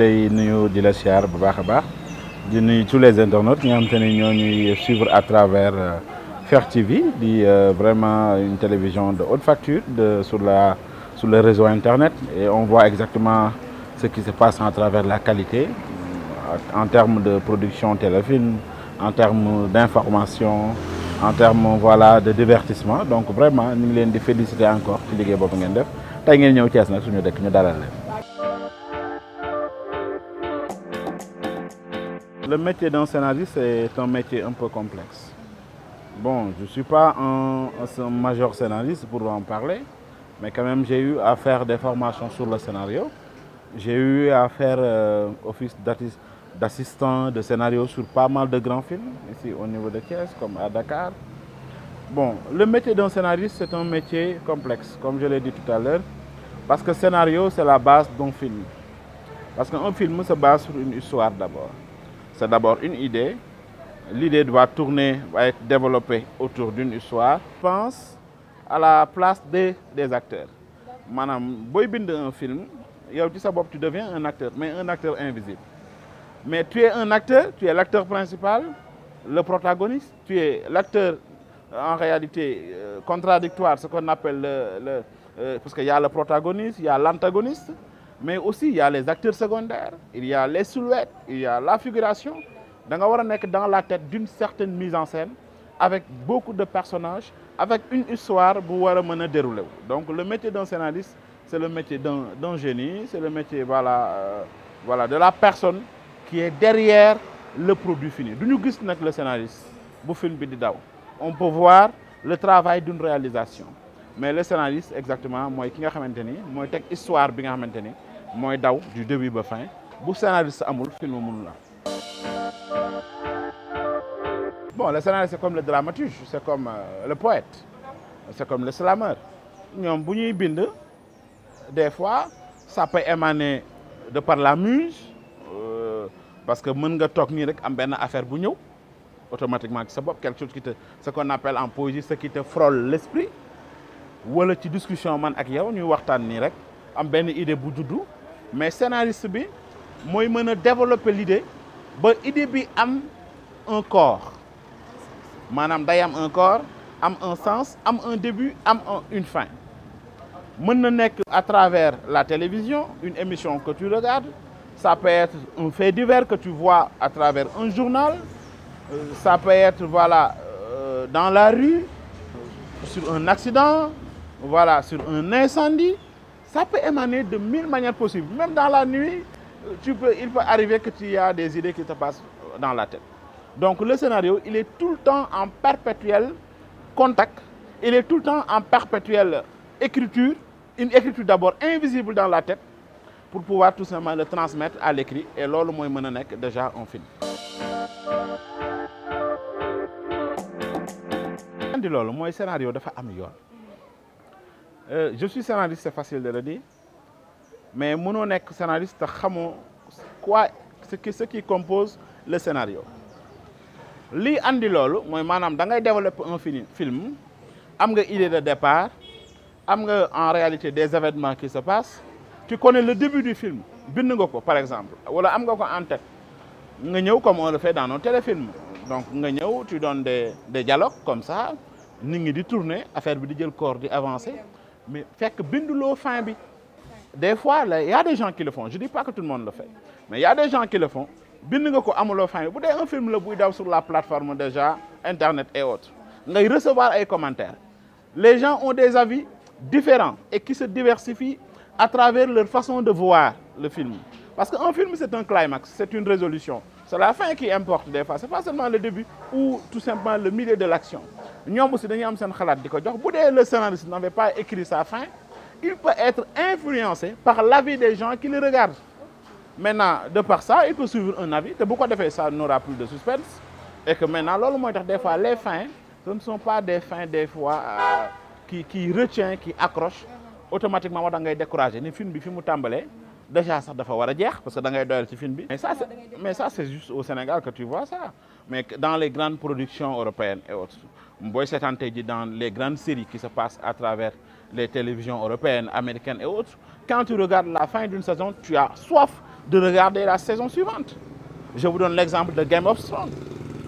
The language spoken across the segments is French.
Nous lay tous les internautes nous suivre à travers euh, Fair TV di euh, vraiment une télévision de haute facture sur la sur le réseau internet et on voit exactement ce qui se passe à travers la qualité euh, en termes de production de téléfilm en termes d'information en termes voilà de divertissement donc vraiment nous ngi leen encore ci ce ngeen def ngeen Le métier d'un scénariste est un métier un peu complexe. Bon, je ne suis pas un, majeur major scénariste pour en parler, mais quand même j'ai eu à faire des formations sur le scénario. J'ai eu à faire euh, office d'assistant de scénario sur pas mal de grands films, ici au niveau de Thiès, comme à Dakar. Bon, le métier d'un scénariste, c'est un métier complexe, comme je l'ai dit tout à l'heure, parce que scénario, c'est la base d'un film. Parce qu'un film se base sur une histoire d'abord c'est d'abord une idée. L'idée doit tourner, va être développée autour d'une histoire. pense à la place des, acteurs. Madame, si tu un film, tu deviens un acteur, mais un acteur invisible. Mais tu es un acteur, tu es l'acteur principal, le protagoniste, tu es l'acteur en réalité euh, contradictoire, ce qu'on appelle le, euh, parce qu'il y a le protagoniste, il y a l'antagoniste mais aussi il y a les acteurs secondaires, il y a les silhouettes, il y a la figuration. Donc, on est dans la tête d'une certaine mise en scène, avec beaucoup de personnages, avec une histoire pour se dérouler. Donc, le métier d'un scénariste, c'est le métier d'un génie, c'est le métier voilà, euh, voilà, de la personne qui est derrière le produit fini. Nous avons le scénariste, on peut voir le travail d'une réalisation. Mais le scénariste, exactement, moi, qui a une histoire, moy daw du début ba fin bu scénariste amul film mënul la bon le scénariste c'est comme le dramaturge c'est comme euh, le poète c'est comme le slameur ñom bu ñuy bind des fois ça peut émaner de par la muse euh, parce que mën nga tok ni rek am ben affaire bu ñëw automatiquement ci sa quelque chose qui te ce qu'on appelle en poésie ce qui te frôle l'esprit wala ci discussion man ak yow ñuy waxtaan ni rek am ben idée bu juddu mais scénariste bi moy développer l'idée ba idée bi am un corps manam day am un corps un sens am un début am une fin ne sais à travers la télévision une émission que tu regardes ça peut être un fait divers que tu vois à travers un journal euh, ça peut être voilà euh, dans la rue sur un accident voilà sur un incendie ça peut émaner de mille manières possibles. Même dans la nuit, il peut arriver que tu as des idées qui te passent dans la tête. Donc le scénario, il est tout le temps en perpétuel contact, il est tout le temps en perpétuelle écriture, une écriture d'abord invisible dans la tête, pour pouvoir tout simplement le transmettre à l'écrit. Et là, le moyen déjà un film. C'est ce scénario de euh, je suis scénariste c'est facile de le dire mais mënoo scénariste te quoi ce qui ce qui compose le scénario qui andi loolu c'est que quand ngay développer un film am une idée de départ am nga en réalité des événements qui se passent tu connais le début du film par exemple wala am nga en tête nga comme on le fait dans nos téléfilms donc tu donnes des dialogues comme ça tu tournes, di tourner affaire corps di mais fait que fin bi des fois il y a des gens qui le font je ne dis pas que tout le monde le fait mais il y a des gens qui le font bind nga ko fin un film sur la plateforme déjà internet et autres Vous recevoir des commentaires les gens ont des avis différents et qui se diversifient à travers leur façon de voir le film parce qu'un film c'est un climax c'est une résolution c'est la fin qui importe des fois ce n'est pas seulement le début ou tout simplement le milieu de l'action nous dañuy am le scénariste n'avait pas écrit sa fin il peut être influencé par l'avis des gens qui le regardent maintenant de par ça il peut suivre un avis Pourquoi ça n'aura plus de suspense et que maintenant des fois les fins ce ne sont pas des fins des fois euh, qui qui retient qui accrochent. automatiquement on da ngay ni film bi déjà ça dafa wara parce que ci mais ça mais ça c'est juste au Sénégal que tu vois ça mais dans les grandes productions européennes et autres Mboy dans les grandes séries qui se passent à travers les télévisions européennes américaines et autres quand tu regardes la fin d'une saison tu as soif de regarder la saison suivante je vous donne l'exemple de Game of Thrones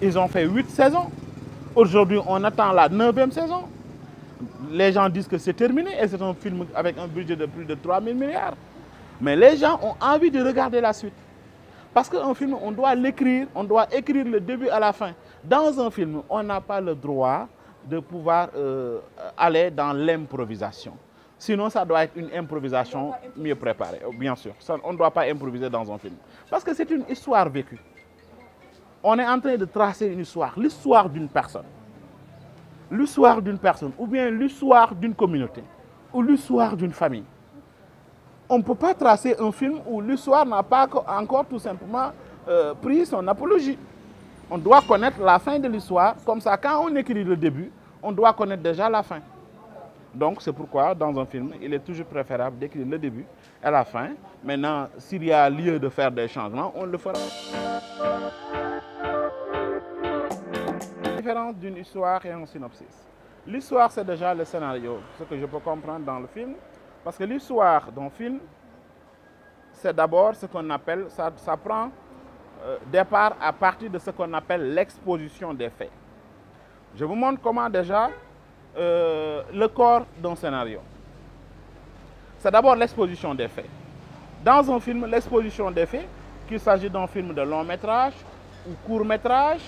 ils ont fait huit saisons aujourd'hui on attend la neuvième saison les gens disent que c'est terminé et c'est un film avec un budget de plus de 3000 milliards mais les gens ont envie de regarder la suite parce qu'un film on doit l'écrire on doit écrire le début à la fin dans un film, on n'a pas le droit de pouvoir euh, aller dans l'improvisation. Sinon, ça doit être une improvisation mieux préparée, bien sûr. on ne doit pas improviser dans un film. Parce que c'est une histoire vécue. On est en train de tracer une histoire, l'histoire d'une personne. L'histoire d'une personne, ou bien l'histoire d'une communauté, ou l'histoire d'une famille. On ne peut pas tracer un film où l'histoire n'a pas encore tout simplement euh, pris son apologie. On doit connaître la fin de l'histoire. Comme ça, quand on écrit le début, on doit connaître déjà la fin. Donc, c'est pourquoi, dans un film, il est toujours préférable d'écrire le début et la fin. Maintenant, s'il y a lieu de faire des changements, on le fera. La différence d'une histoire et un synopsis. L'histoire, c'est déjà le scénario, ce que je peux comprendre dans le film. Parce que l'histoire d'un film, c'est d'abord ce qu'on appelle, ça prend euh, départ à partir de ce qu'on appelle l'exposition des faits. Je vous montre comment déjà euh, le corps d'un scénario. C'est d'abord l'exposition des faits. Dans un film, l'exposition des faits, qu'il s'agit d'un film de long métrage ou court métrage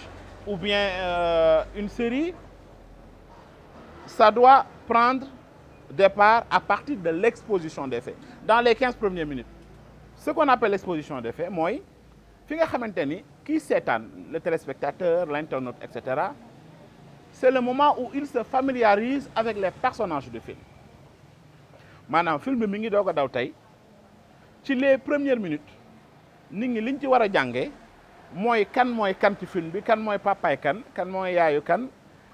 ou bien euh, une série, ça doit prendre départ à partir de l'exposition des faits. Dans les 15 premières minutes, ce qu'on appelle l'exposition des faits, moi, fi nga xamanteni ni sétane le téléspectateur l'internaute etc. c'est le moment où il se familiarise avec les personnages du film le film bi mi ngi doog daw tay ci les premières minutes nit ñi liñ ci wara a moy kan papa kan ci film bi kan moy papaay kan kan moy yaayu kan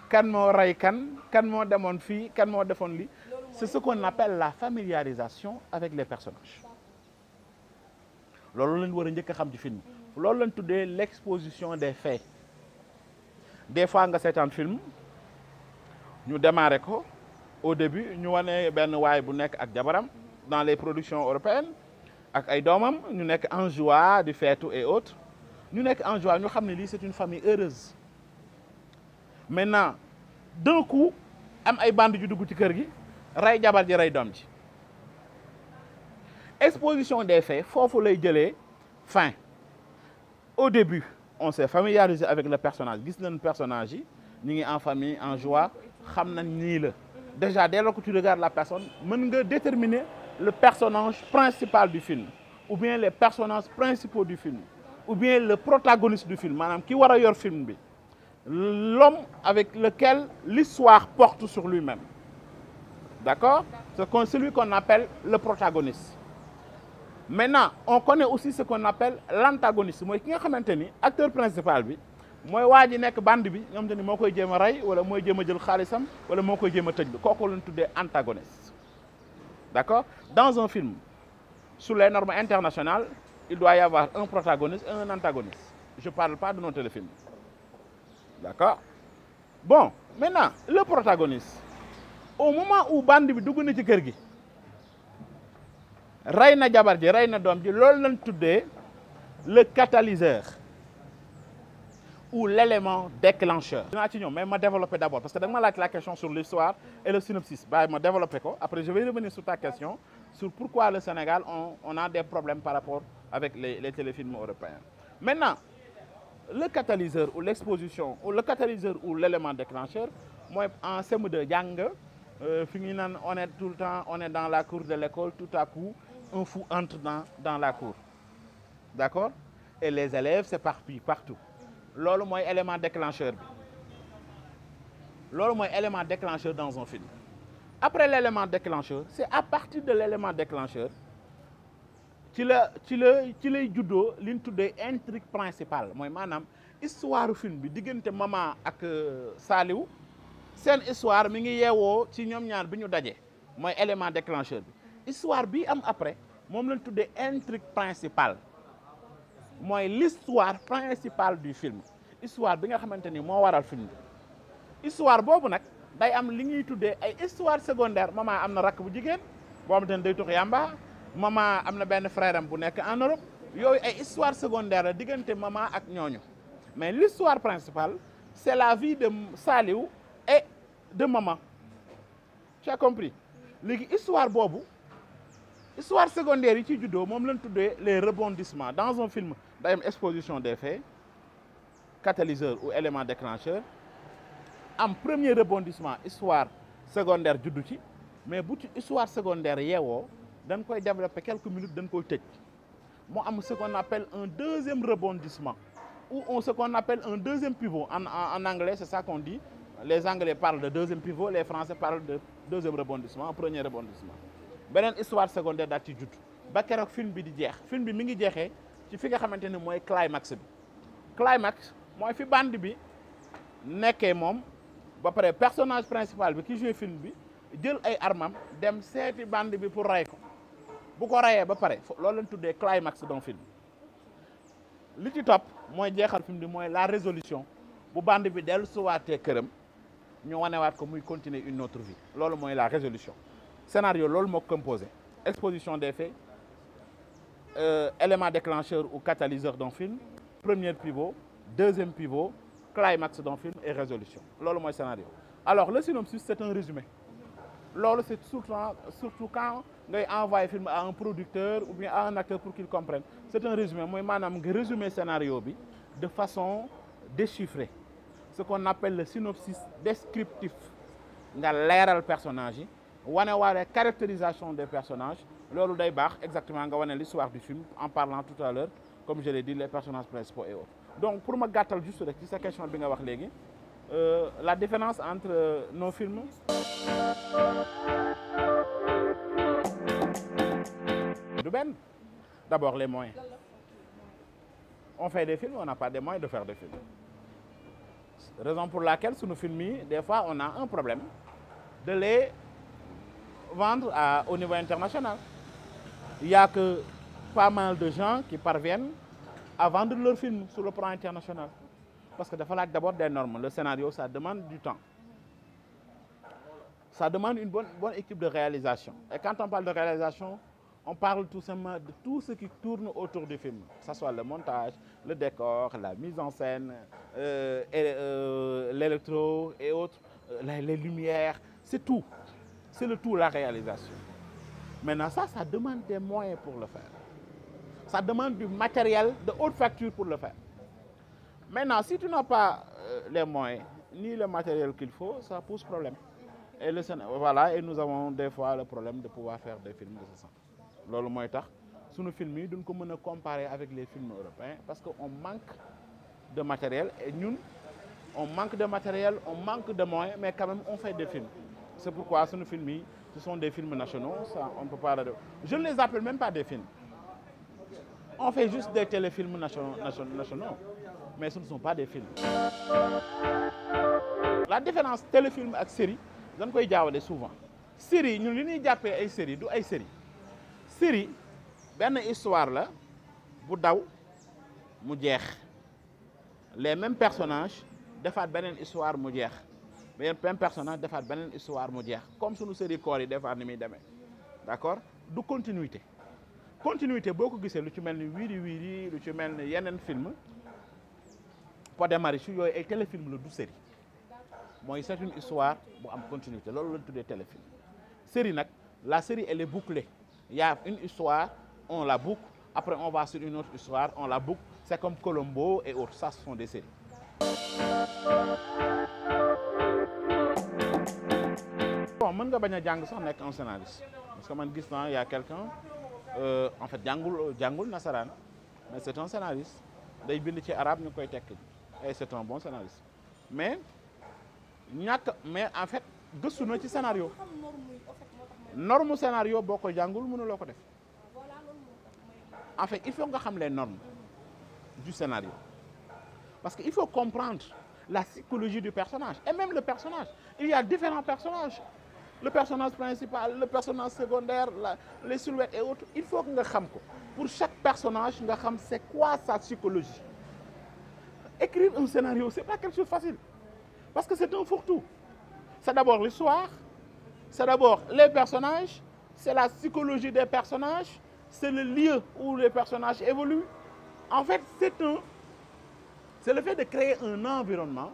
kan mo ray kan kan mo demone fi kan mo defone li c'est ce qu'on appelle la familiarisation avec les personnages lolu lañ wara ñëk xam ci film loolu lañ l'exposition des faits des fois nga un film ñu démarré ko au début Nous avons un waay bu nekk ak jabaram dans les productions européennes ak ay doomam ñu nekk en joie faire tout et autres ñu nekk en joie ñu xam que c'est une famille heureuse maintenant d'un coup am ay bande ju dugg ci kër gi rey jabar ji rey doom ji exposition des faits foofu lay jëlee fin au début on s'est familiarisé avec le personnage Nous personnage en famille en joie déjà dès lors que tu regardes la personne tu peux déterminer le personnage principal du film ou bien les personnages principaux du film ou bien le protagoniste du film madame, qui wara film l'homme avec lequel l'histoire porte sur lui-même d'accord c'est celui qu'on appelle le protagoniste maintenant on connaît aussi ce qu'on appelle l'antagoniste mooy ki nga xamante acteur principal bi mooy de ji bande bi nga xamante ni moo koy jéem de rey wala ou jéem a jël wala moo koy jéem antagoniste d'accord dans un film sous les normes internationales il doit y avoir un protagoniste et un antagoniste je parle pas de notre téléfilm. d'accord bon maintenant le protagoniste au moment où bande bi dans la ci Raina Diabardi, Raina Domdi, c'est le catalyseur ou l'élément déclencheur Je vais développer d'abord parce que la question sur l'histoire et le synopsis développer après je vais revenir sur ta question sur pourquoi le Sénégal on, a des problèmes par rapport avec les, téléfilms européens maintenant le catalyseur ou l'exposition ou le catalyseur ou l'élément déclencheur Moi, en CM2 euh, on est tout le temps on est dans la cour de l'école tout à coup un fou entre dans, dans la cour d'accord et les élèves s'éparpillent partout C'est mooy élément déclencheur bi loolu élément déclencheur dans un film après l'élément déclencheur c'est à partir de l'élément déclencheur ci le ci une ci lay juddoo li ñu tuddee intrigue principale histoire film bi maman et euh, Saliou une histoire mi ngi yeewoo ci ñoom ñaar élément déclencheur histoire bi am après mom lañ tuddee intrigue principale moy l'histoire principale du film histoire bi nga xamante mo waral film histoire bobu nak day am li ñuy ay histoire secondaire maman amna rak bu jigéen bo xamante day tux yamba maman amna ben frère am bu nek en Europe yoy ay histoire secondaire la diggante maman ak ñooñu mais l'histoire principale c'est la vie de Saliou et de maman tu as compris L'histoire histoire bobu histoire secondaire ci les rebondissements dans un film dans une exposition des faits catalyseur ou élément déclencheur un premier rebondissement histoire secondaire judo ci mais histoire secondaire il dañ koy développer quelques minutes dañ koy Moi, ce qu'on appelle un deuxième rebondissement ou on ce qu'on appelle un deuxième pivot en anglais c'est ça qu'on dit les anglais parlent de deuxième pivot les français parlent de deuxième rebondissement premier rebondissement beneen histoire secondaire daal ci judd ba keroog film bi di jeex film bi mi ngi jeexee ci fi nga xamante ni mooy climax bi climax mooy fi bande bi nekkee moom ba pare personnage principal bi ki joué film bi jël ay armam dem seeti bande bi pour rey ko bu ko reyee ba pare loolu lañ tuddee climax dans film li ci topp mooy jeexal film bi mooy la résolution bu bande bi dellu suwaatee këram ñu wanewaat ko muy continuer une autre vie loolu mooy la résolution scénario que je composé exposition des faits euh, élément déclencheur ou catalyseur d'un film premier pivot deuxième pivot climax d'un film et résolution C'est le scénario alors le synopsis c'est un résumé c'est surtout surtout quand envoie un film à un producteur ou bien à un acteur pour qu'il comprenne c'est un résumé Moi, je résumé résumer scénario de façon déchiffrée ce qu'on appelle le synopsis descriptif nga le personnage wane Waré caractérisation des personnages le day exactement l'histoire du film en parlant tout à l'heure comme je l'ai dit les personnages principaux et autres donc pour me juste rek question bi nga euh, la différence entre euh, nos films d'abord les moyens on fait des films on n'a pas des moyens de faire des films raison pour laquelle sur nos films, des fois on a un problème de les vendre au niveau international. Il n'y a que pas mal de gens qui parviennent à vendre leur film sur le plan international. Parce qu'il que d'abord des normes. Le scénario, ça demande du temps. Ça demande une bonne, équipe de réalisation. Et quand on parle de réalisation, on parle tout simplement de tout ce qui tourne autour du film, que ce soit le montage, le décor, la mise en scène, euh, euh, l'électro et, autres, les lumières, c'est tout. C'est le tout, la réalisation. Maintenant, ça, ça demande des moyens pour le faire. Ça demande du matériel de haute facture pour le faire. Maintenant, si tu n'as pas euh, les moyens, ni le matériel qu'il faut, ça pose problème. Et, le, voilà, et nous avons des fois le problème de pouvoir faire des films de ce sens. loolu le tax sunu film yi duñ ko pas comparer avec les films européens parce qu'on manque de matériel et nous, on manque de matériel on manque de moyens mais quand même on fait des films c'est pourquoi ce ce sont des films nationaux, ça, on ne peut pas... Je ne les appelle même pas des films. On fait juste des téléfilms nationaux, mais ce ne sont pas des films. La différence téléfilm et série, je ne sais souvent. Série, nous avons appelé une série, une série. Série, une histoire, là, est mu les mêmes personnages defaat une histoire mu ba yéen même personnage defaat une histoire mu comme comme suñu série corps yi defaat ni muy demee d'accord D'accord du continuité continuité beaucoup de gens qui ci mel Wiri, wiiri wiiri lu ci mel ni film pas démarré Marichou yooyu ay téléfilm le du série une histoire bu am continuité de lañ tuddee téléfilm série la série elle est bouclée il y a une histoire on la boucle après on va sur une autre histoire on la boucle c'est comme Colombo et autres ça ce sont des séries que nga sais a si sax est un scénariste parce que man gis il y a quelqu'un euh, en fait jàngul jàngul mais c'est un scénariste Il bind arabe ñu est et c'est un bon scénariste mais a mais en fait gëstu pas ci scénario norme scénario boo ko jàngul mënuloo le def en fait il faut nga les normes du scénario parce qu'il faut comprendre la psychologie du personnage et même le personnage il y a différents personnages le personnage principal le personnage secondaire les silhouettes et autres il faut que nous xam pour chaque personnage nous xam c'est quoi sa psychologie écrire un scénario ce n'est pas quelque chose de facile parce que c'est un fourre-tout c'est d'abord l'histoire c'est d'abord les personnages c'est la psychologie des personnages c'est le lieu où les personnages évoluent en fait c'est un c'est le fait de créer un environnement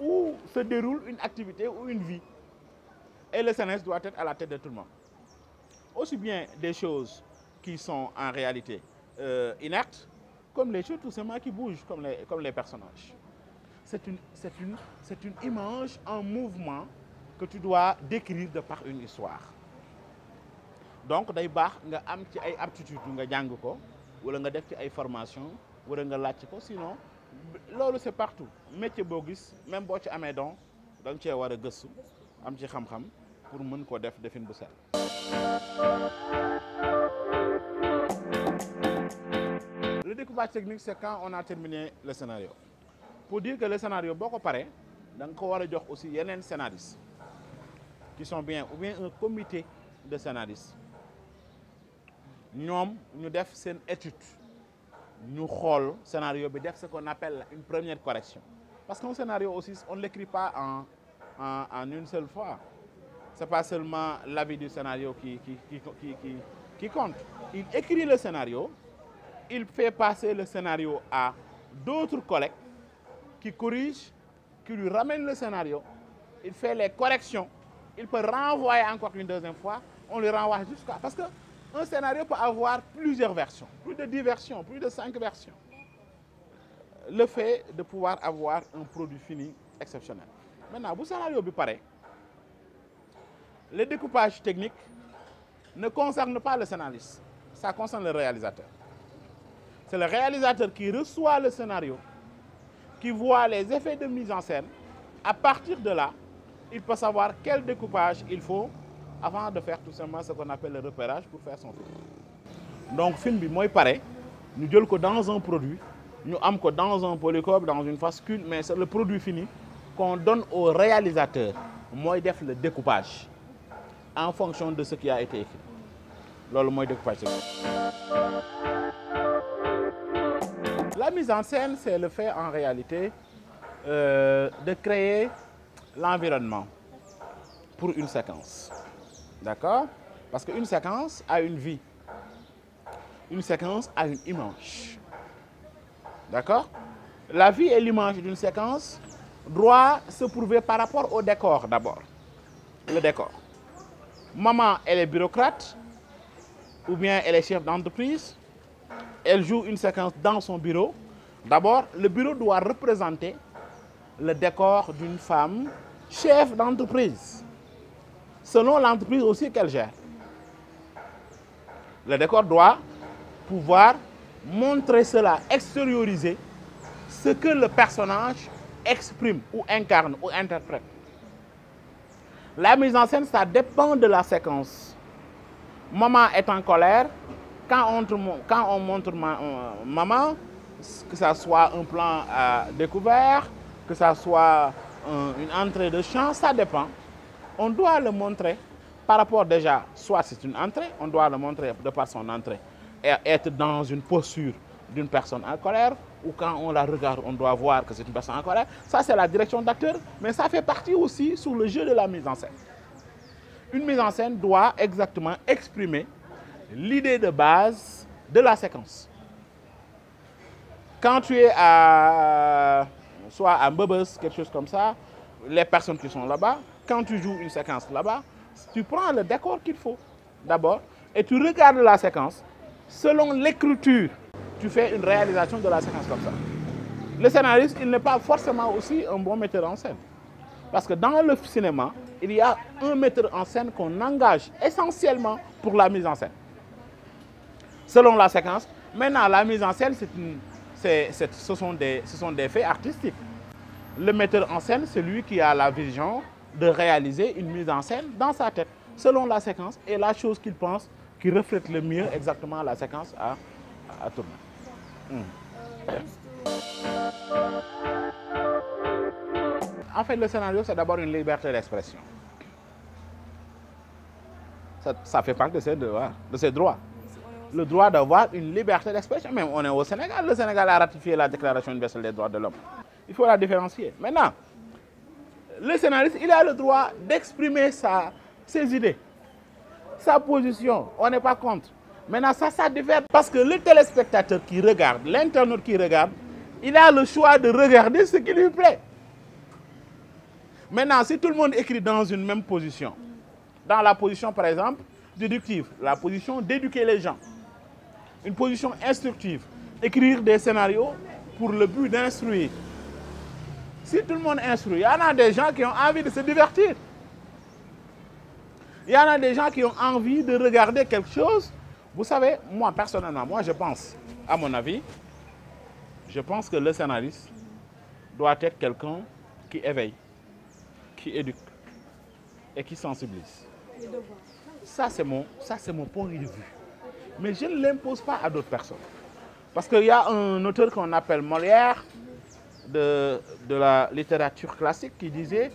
où se déroule une activité ou une vie et le sns doit être à la tête de tout le monde. Aussi bien des choses qui sont en réalité euh, inertes, comme les choses tout simplement qui bougent, comme les, personnages. C'est une, image en mouvement que tu dois décrire de par une histoire. donc day y a am ci ay aptitude nga formations, ko wala nga def ci ay sinon c'est partout métier bogus, même si ci as don da tu as war a tu am ci xam pour mën ko def defin bu le découpage technique c'est quand on a terminé le scénario pour dire que le scénario est paré pareil, il y ko a jox aussi scénaristes qui sont bien ou bien un comité de scénaristes nous ñu def une étude ñu le scénario bi def ce qu'on appelle une première correction parce qu'un scénario aussi on l'écrit pas en en une seule fois n'est pas seulement l'avis du scénario qui, compte. Il écrit le scénario, il fait passer le scénario à d'autres collègues qui corrigent, qui lui ramènent le scénario, il fait les corrections, il peut renvoyer encore une deuxième fois, on le renvoie jusqu'à... Parce qu'un scénario peut avoir plusieurs versions, plus de 10 versions, plus de 5 versions. Le fait de pouvoir avoir un produit fini exceptionnel. Maintenant, vous scénario, pareil le découpage technique ne concerne pas le scénariste, ça concerne le réalisateur. C'est le réalisateur qui reçoit le scénario, qui voit les effets de mise en scène. À partir de là, il peut savoir quel découpage il faut avant de faire tout simplement ce qu'on appelle le repérage pour faire son film. Donc, le film, moi, pareil, nous disons que dans un produit, nous avons que dans un polycope, dans une fascule, mais c'est le produit fini qu'on donne au réalisateur. Moi, il le découpage en fonction de ce qui a été écrit la mise en scène c'est le fait en réalité euh, de créer l'environnement pour une séquence d'accord parce qu'une séquence a une vie une séquence a une image d'accord la vie et l'image d'une séquence doivent se prouver par rapport au décor d'abord le décor maman, elle est bureaucrate, ou bien elle est chef d'entreprise, elle joue une séquence dans son bureau. D'abord, le bureau doit représenter le décor d'une femme chef d'entreprise, selon l'entreprise aussi qu'elle gère. Le décor doit pouvoir montrer cela, extérioriser ce que le personnage exprime ou incarne ou interprète. La mise en scène, ça dépend de la séquence. Maman est en colère. Quand on, quand montre euh, maman, que ça soit un plan à découvert, que ça soit euh, une entrée de champ, ça dépend. On doit le montrer par rapport déjà, soit c'est une entrée, on doit le montrer de par son entrée, et être dans une posture d'une personne en colère, ou quand on la regarde, on doit voir que c'est une personne en colère. Ça, c'est la direction d'acteur, mais ça fait partie aussi sur le jeu de la mise en scène. Une mise en scène doit exactement exprimer l'idée de base de la séquence. Quand tu es à, soit à quelque chose comme ça, les personnes qui sont là-bas, quand tu joues une séquence là-bas, tu prends le décor qu'il faut d'abord et tu regardes la séquence selon l'écriture tu fais une réalisation de la séquence comme ça. Le scénariste, il n'est pas forcément aussi un bon metteur en scène. Parce que dans le cinéma, il y a un metteur en scène qu'on engage essentiellement pour la mise en scène. Selon la séquence, maintenant la mise en scène, ce, sont des, ce faits artistiques. Le metteur en scène, c'est lui qui a la vision de réaliser une mise en scène dans sa tête, selon la séquence et la chose qu'il pense qui reflète le mieux exactement la séquence à tourner. En fait, le scénario, c'est d'abord une liberté d'expression. Ça, ça, fait partie de ses hein, de ses droits. Le droit d'avoir une liberté d'expression. Même on est au Sénégal. Le Sénégal a ratifié la Déclaration universelle des droits de l'homme. Il faut la différencier. Maintenant, le scénariste, il a le droit d'exprimer ses idées, sa position. On n'est pas contre. Maintenant, ça, ça devait... Parce que le téléspectateur qui regarde, l'internaute qui regarde, il a le choix de regarder ce qui lui plaît. Maintenant, si tout le monde écrit dans une même position, dans la position, par exemple, déductive, la position d'éduquer les gens, une position instructive, écrire des scénarios pour le but d'instruire. Si tout le monde instruit, il y en a des gens qui ont envie de se divertir. Il y en a des gens qui ont envie de regarder quelque chose vous savez, moi personnellement, moi je pense, à mon avis, je pense que le scénariste doit être quelqu'un qui éveille, qui éduque et qui sensibilise. Ça, c'est mon, mon point de vue. Mais je ne l'impose pas à d'autres personnes. Parce qu'il y a un auteur qu'on appelle Molière, de, la littérature classique, qui disait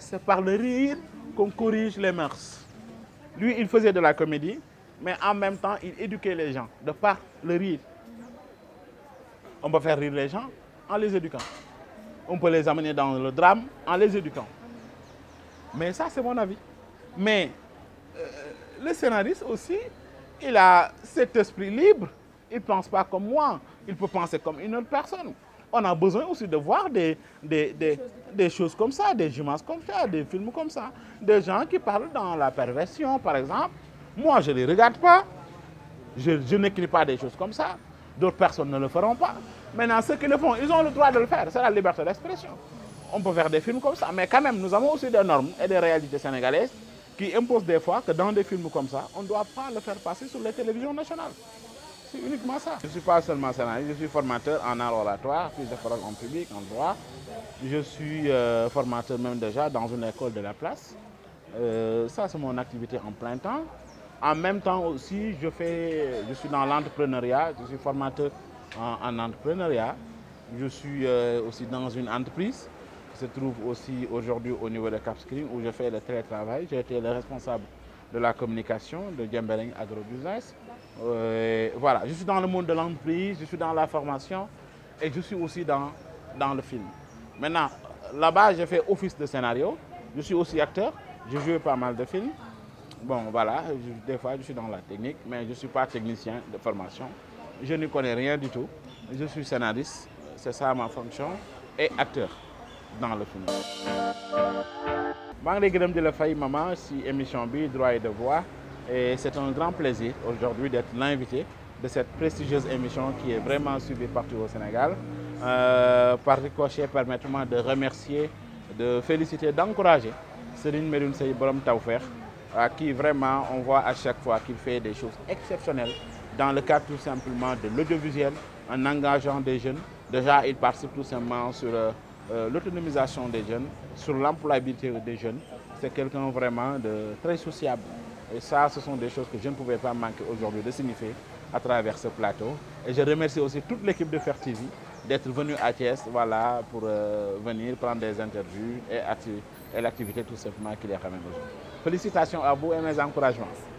c'est par le rire qu'on corrige les mœurs. Lui, il faisait de la comédie, mais en même temps, il éduquait les gens de par le rire. On peut faire rire les gens en les éduquant. On peut les amener dans le drame en les éduquant. Mais ça, c'est mon avis. Mais euh, le scénariste aussi, il a cet esprit libre. Il ne pense pas comme moi. Il peut penser comme une autre personne. On a besoin aussi de voir des, des, choses comme ça, des jumences comme ça, des films comme ça. Des gens qui parlent dans la perversion, par exemple, moi, je ne les regarde pas. Je, n'écris pas des choses comme ça. D'autres personnes ne le feront pas. Maintenant, ceux qui le font, ils ont le droit de le faire. C'est la liberté d'expression. On peut faire des films comme ça. Mais quand même, nous avons aussi des normes et des réalités sénégalaises qui imposent des fois que dans des films comme ça, on ne doit pas le faire passer sur les télévisions nationales. C'est uniquement ça. Je ne suis pas seulement scénariste, je suis formateur en art oratoire, puis je en public, en droit. Je suis euh, formateur même déjà dans une école de la place. Euh, ça, c'est mon activité en plein temps. En même temps aussi, je, fais, je suis dans l'entrepreneuriat, je suis formateur en, entrepreneuriat. Je suis euh, aussi dans une entreprise qui se trouve aussi aujourd'hui au niveau de Capscreen où je fais le télétravail. J'ai été le responsable de la communication de Djembering Agrobusiness. Euh, voilà, je suis dans le monde de l'entreprise, je suis dans la formation et je suis aussi dans, dans le film. Maintenant, là-bas, j'ai fait office de scénario. Je suis aussi acteur, j'ai joué pas mal de films bon voilà, des fois je suis dans la technique, mais je ne suis pas technicien de formation. Je ne connais rien du tout. Je suis scénariste, c'est ça ma fonction, et acteur dans le film. Mangri les de la maman si émission B droit et devoir et c'est un grand plaisir aujourd'hui d'être l'invité de cette prestigieuse émission qui est vraiment suivie partout au Sénégal euh, par ricochet permettez-moi de remercier de féliciter d'encourager Céline Medoune borom à qui vraiment on voit à chaque fois qu'il fait des choses exceptionnelles dans le cadre tout simplement de l'audiovisuel en engageant des jeunes. Déjà, il participe tout simplement sur euh, euh, l'autonomisation des jeunes, sur l'employabilité des jeunes. C'est quelqu'un vraiment de très sociable. Et ça, ce sont des choses que je ne pouvais pas manquer aujourd'hui de signifier à travers ce plateau. Et je remercie aussi toute l'équipe de Fair TV d'être venue à Thiès voilà, pour euh, venir prendre des interviews et, et l'activité tout simplement qu'il y a quand même aujourd'hui. Félicitations à vous et mes encouragements.